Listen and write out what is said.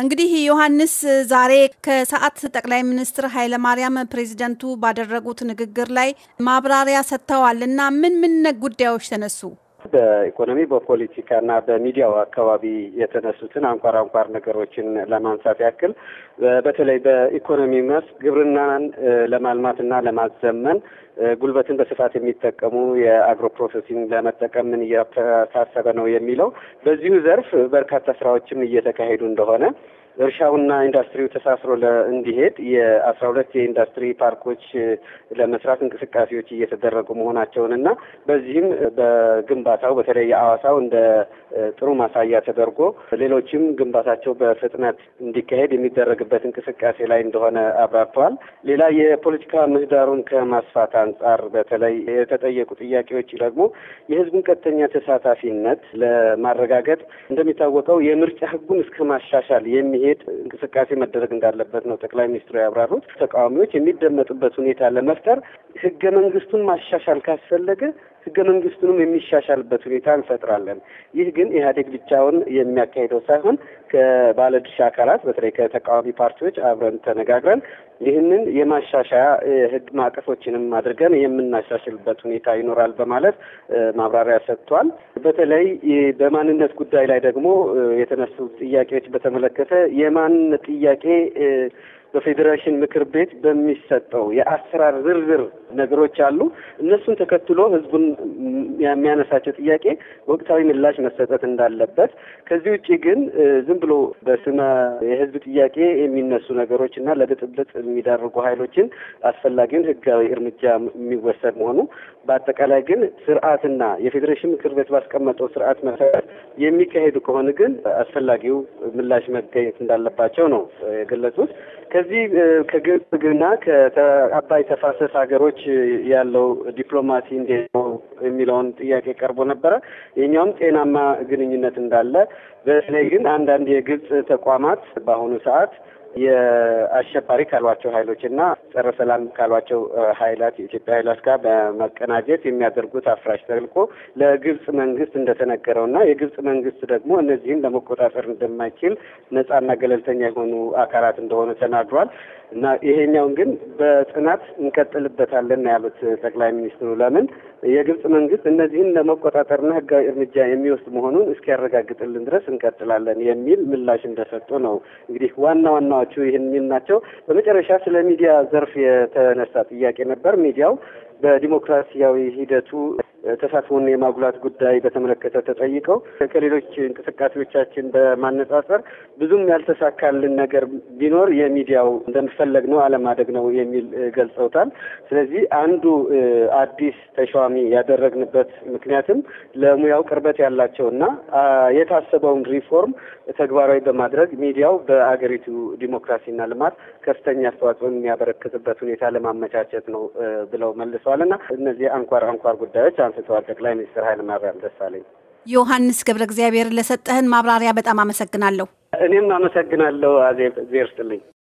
እንግዲህ ዮሐንስ ዛሬ ከሰዓት ጠቅላይ ሚኒስትር ኃይለማርያም ፕሬዚደንቱ ባደረጉት ንግግር ላይ ማብራሪያ ሰጥተዋል እና ምን ምን ጉዳዮች ተነሱ? በኢኮኖሚ በፖለቲካና በሚዲያው አካባቢ የተነሱትን አንኳር አንኳር ነገሮችን ለማንሳት ያክል በተለይ በኢኮኖሚ መስክ ግብርናን ለማልማትና ለማዘመን ጉልበትን በስፋት የሚጠቀሙ የአግሮ ፕሮሰሲንግ ለመጠቀም ምን ነው የሚለው በዚሁ ዘርፍ በርካታ ስራዎችም እየተካሄዱ እንደሆነ እርሻውና ኢንዱስትሪው ተሳስሮ እንዲሄድ የአስራ ሁለት የኢንዱስትሪ ፓርኮች ለመስራት እንቅስቃሴዎች እየተደረጉ መሆናቸውን እና በዚህም በግንባታው በተለይ የአዋሳው እንደ ጥሩ ማሳያ ተደርጎ ሌሎችም ግንባታቸው በፍጥነት እንዲካሄድ የሚደረግበት እንቅስቃሴ ላይ እንደሆነ አብራርተዋል። ሌላ የፖለቲካ ምህዳሩን ከማስፋት አንጻር በተለይ የተጠየቁ ጥያቄዎች ደግሞ የህዝቡን ቀጥተኛ ተሳታፊነት ለማረጋገጥ እንደሚታወቀው የምርጫ ህጉን እስከ ማሻሻል የሚ የሚሄድ እንቅስቃሴ መደረግ እንዳለበት ነው ጠቅላይ ሚኒስትሩ ያብራሩት። ተቃዋሚዎች የሚደመጡበት ሁኔታ ለመፍጠር ህገ መንግስቱን ማሻሻል ካስፈለገ ህገ መንግስቱንም የሚሻሻልበት ሁኔታ እንፈጥራለን። ይህ ግን ኢህአዴግ ብቻውን የሚያካሄደው ሳይሆን ከባለድርሻ አካላት በተለይ ከተቃዋሚ ፓርቲዎች አብረን ተነጋግረን ይህንን የማሻሻያ ህግ ማዕቀፎችንም አድርገን የምናሻሽልበት ሁኔታ ይኖራል በማለት ማብራሪያ ሰጥቷል። በተለይ በማንነት ጉዳይ ላይ ደግሞ የተነሱ ጥያቄዎች በተመለከተ የማንነት ጥያቄ በፌዴሬሽን ምክር ቤት በሚሰጠው የአሰራር ዝርዝር ነገሮች አሉ። እነሱን ተከትሎ ህዝቡን የሚያነሳቸው ጥያቄ ወቅታዊ ምላሽ መሰጠት እንዳለበት፣ ከዚህ ውጭ ግን ዝም ብሎ በስመ የህዝብ ጥያቄ የሚነሱ ነገሮች እና ለብጥብጥ የሚዳርጉ ኃይሎችን አስፈላጊውን ህጋዊ እርምጃ የሚወሰድ መሆኑ በአጠቃላይ ግን ስርዓትና የፌዴሬሽን ምክር ቤት ባስቀመጠው ስርዓት መሰረት የሚካሄዱ ከሆነ ግን አስፈላጊው ምላሽ መገኘት እንዳለባቸው ነው የገለጹት። ከዚህ ከግብፅና ከአባይ ተፋሰስ ሀገሮች ያለው ዲፕሎማሲ እንዴት ነው የሚለውን ጥያቄ ቀርቦ ነበረ። የኛውም ጤናማ ግንኙነት እንዳለ በተለይ ግን አንዳንድ የግብፅ ተቋማት በአሁኑ ሰዓት የአሸባሪ ካሏቸው ኃይሎች እና ጸረ ሰላም ካሏቸው ኃይላት የኢትዮጵያ ኃይላት ጋር በመቀናጀት የሚያደርጉት አፍራሽ ተልቆ ለግብጽ መንግስት እንደተነገረው እና የግብጽ መንግስት ደግሞ እነዚህን ለመቆጣጠር እንደማይችል ነጻና ገለልተኛ የሆኑ አካላት እንደሆነ ተናግሯል እና ይሄኛውን ግን በጥናት እንቀጥልበታለን ያሉት ጠቅላይ ሚኒስትሩ ለምን የግብጽ መንግስት እነዚህን ለመቆጣጠርና ህጋዊ እርምጃ የሚወስድ መሆኑን እስኪያረጋግጥልን ድረስ እንቀጥላለን የሚል ምላሽ እንደሰጡ ነው እንግዲህ ዋና ዋና ዜናዎቹ ይህን የሚል ናቸው። በመጨረሻ ስለ ሚዲያ ዘርፍ የተነሳ ጥያቄ ነበር። ሚዲያው በዲሞክራሲያዊ ሂደቱ ተሳትፎን የማጉላት ጉዳይ በተመለከተ ተጠይቀው ከሌሎች እንቅስቃሴዎቻችን በማነጻጸር ብዙም ያልተሳካልን ነገር ቢኖር የሚዲያው እንደምፈለግ ነው አለማደግ ነው የሚል ገልጸውታል። ስለዚህ አንዱ አዲስ ተሿሚ ያደረግንበት ምክንያትም ለሙያው ቅርበት ያላቸው እና የታሰበውን ሪፎርም ተግባራዊ በማድረግ ሚዲያው በአገሪቱ ዲሞክራሲና ልማት ከፍተኛ አስተዋጽኦ የሚያበረክትበት ሁኔታ ለማመቻቸት ነው ብለው መልሰዋል። አንስተዋል እና እነዚህ አንኳር አንኳር ጉዳዮች አንስተዋል ጠቅላይ ሚኒስትር ኃይለማርያም ደሳለኝ። ዮሐንስ ገብረ እግዚአብሔር ለሰጠህን ማብራሪያ በጣም አመሰግናለሁ። እኔም አመሰግናለሁ። አዜብ እግዜር